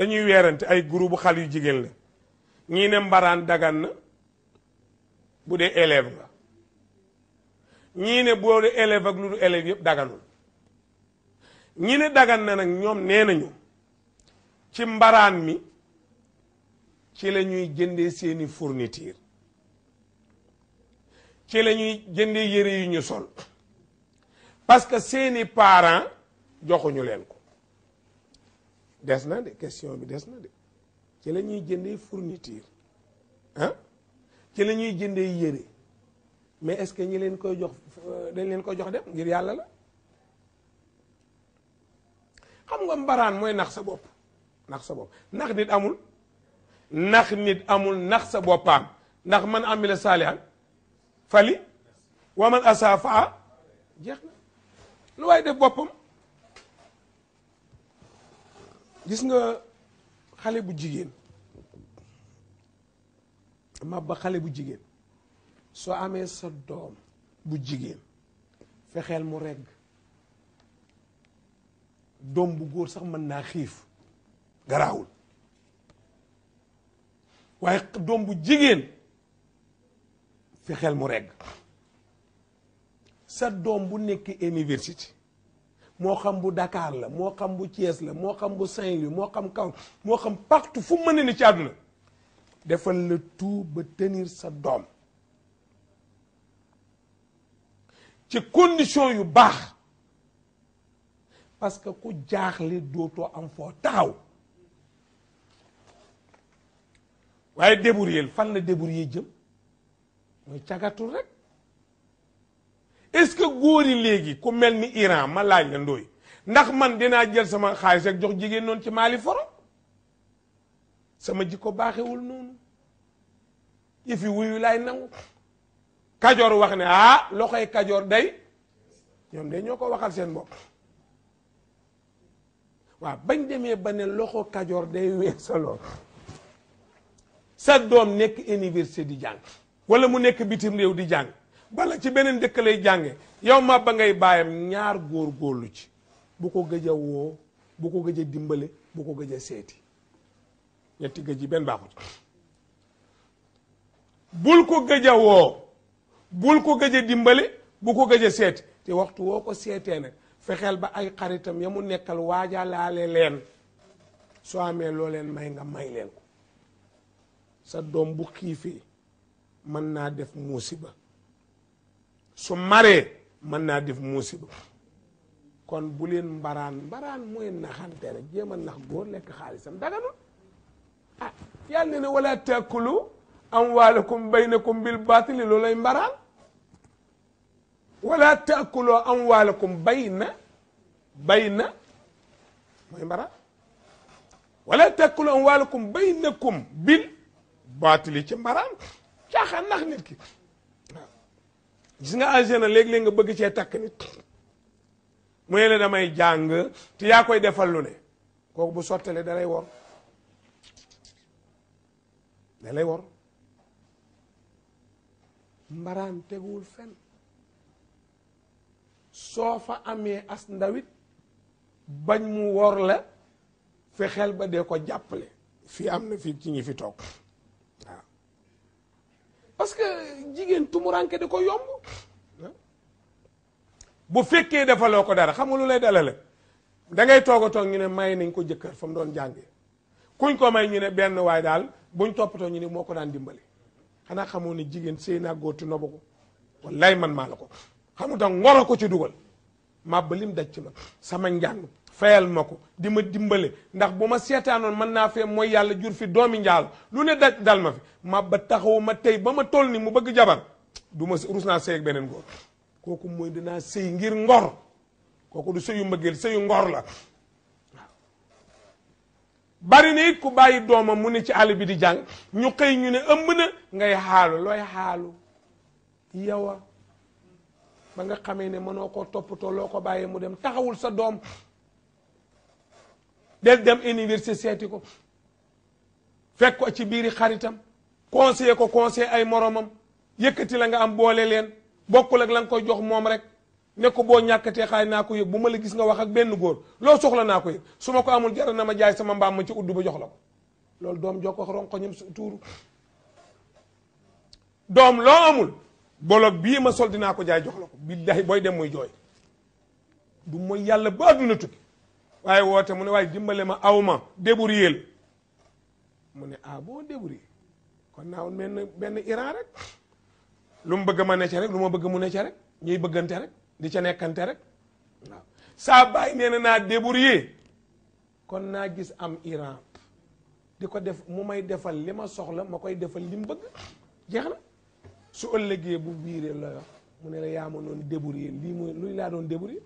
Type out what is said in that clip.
dañuy weerante ay groupe xal yu jigéen la ñii ne mbaraan dagan na bu dee élève la ñii ne boo dee élève ak lu du élève yëpp daganul ñi ne dagan na nag ñoom nee nañu ci mbaraan mi ci la ñuy jëndee seeni fourniture ci la ñuy jëndee yére yu ñu sol parce que seeni parents joxuñu leen ko des na de question bi des na de ci la ñuy jëndee fourniture ah ci la ñuy jëndee yére mais est-ce que ñi leen koy jox dañ leen koy jox dem ngir yàlla la xam nga mbaraan mooy nax sa bopp nax sa bopp nax nit amul nax nit amul nax sa boppam ndax man amila saalihan fali wa man asafaa jeex na lu waaye def boppam gis nga xale bu jigéen ma ba xale bu jigéen soo amee sa doom bu jigéen fexeel mu regg doom bu góor sax mën naa xiif garaawul waaye doom bu jigéen fexeel mu regg sa doom bu nekk université moo xam bu dakaar la moo xam bu Thiès la moo xam bu Saint-Louis moo xam kaw moo xam partout fu mën ne ni ci àdduna defal le tout ba tenir sa doom ci condition yu baax parce que ku jaaxle dootoo am foo taxaw waaye débrouiller fan la débrouiller jëm mooy cagatul rek est-ce que góor yi léegi ku mel ni Iran ma laaj la ndóoy ndax man dinaa jël sama xaalis rek jox jigéen noonu ci maali foro sama jikko baaxewul noonu yëfi wuyu laay nangu kajoor wax ne ah loxoy kajoor day ñoom day ñoo ko waxal seen bopp waaw bañ demee ba ne loxo kajoor day weesaloo sa doom nekk université di jàng wala mu nekk bitim réew di jàng bala ci beneen dëkk lay jànge yow ma ba ngay bàyyam ñaar góor-góorlu ci bu ko gëj a woo bu ko gëj a dimbale bu ko gëj a seeti ñetti gëj ko gëj a ko gëj a dimbale bu ko gëj a seeti te waxtu woo ko seetee nag fexeel ba ay xaritam ya mu nekkal waajalaale leen soo amee loo leen may nga may leen ko sa doom bu xiifee mën naa def muusiba su mare mën naa def muusiba kon bu baran mbaraan mbaraan mooy naxante rek jéem a nax góor lekk xaalisam daganul ah yàlla ne ne wala taakulu amwaalakum baynakum bil baatili loolay mbaraan wala taakulu amwaalakum bayna bayna mooy mbaraan wala taakulu amwaalakum baynakum bil baatili ci mbaraan caaxaan nax nit ki gis nga aljana léeg-léeg nga bëgg cee takk nit mu ne la damay jàng te yaa koy defal lu ne kooku bu sottalee dalay wor dalay wor mbaraan teguwul fen soo fa amee as ndawit bañ mu wor la fexeel ba dee ko jàppale fii am na fi ci ñi fi toog parce que jigéen tumuranke da ko yomb bu fekkee defaloo ko dara xam nga lu lay dalale da ngay toog a toog ñu ne may nañ ko jëkkër fa doon jàngee kuñ ko may ñu ne benn waaye daal buñ toppatoo ñu ne moo ko daan dimbali xanaa xamoo ni jigéen sëy naa góor ti nobu ko wallaay man maa la ko xamu tax ngoro ko ci dugal màbb lim daj ci man sama njàng fayal ma ko di ma dimbale ndax bu ma seetaanoon mën naa fee mooy yàlla jur fi doomi njaal lu ne daj dal ma fi ma ba taxaw ma tey ba ma toll ni mu bëgg jabar du ma rus naa sëy beneen góor kooku mooy dinaa sëy ngir ngor kooku du sëyu mbëggeel sëyu ngor la bari na it ku bàyyi doomam mu ne ci alibi di jàng ñu xëy ñu ne ëmb na ngay xaalu looy xaalu yow ba nga xamee ne mënoo koo toppatoo loo ko bàyyee mu dem taxawul sa doom del dem université seeti ko fekk ko ci biiri xaritam conseiller ko conseil ay moromam yëkkati la nga am boole leen bokkul ak la nga koy jox moom rek ne ko boo ñàkkatee xaay naa ko yëg bu ma la gis nga wax ak benn góor loo soxla naa ko yëg su ma ko amul jaral na ma jaay sama mbaam ma ci uddu ba jox la ko loolu doom jox ko ronko ñum tuuru doom loo amul bolog bii ma sol dinaa ko jaay jox la ko billahi booy dem muy jooy du mooy yàlla ba adduna tukki waaye woote mu ne waaye dimbale ma aw ma débrouiller mu ne ah boo débrouiller kon naaw benn benn Iran rek lu mu bëgg ma ne ca rek lu ma bëgg mu ne ca rek ñuy bëggante di ca nekkante rek waaw saa bàyyi nee na naa débrouiller kon naa gis am Iran di ko def mu may defal li ma soxla ma koy defal li mu bëgg jeex la su ëllëgee bu biiree la mu ne la yaa ma doon débrouiller lii mooy luy laa doon débrouiller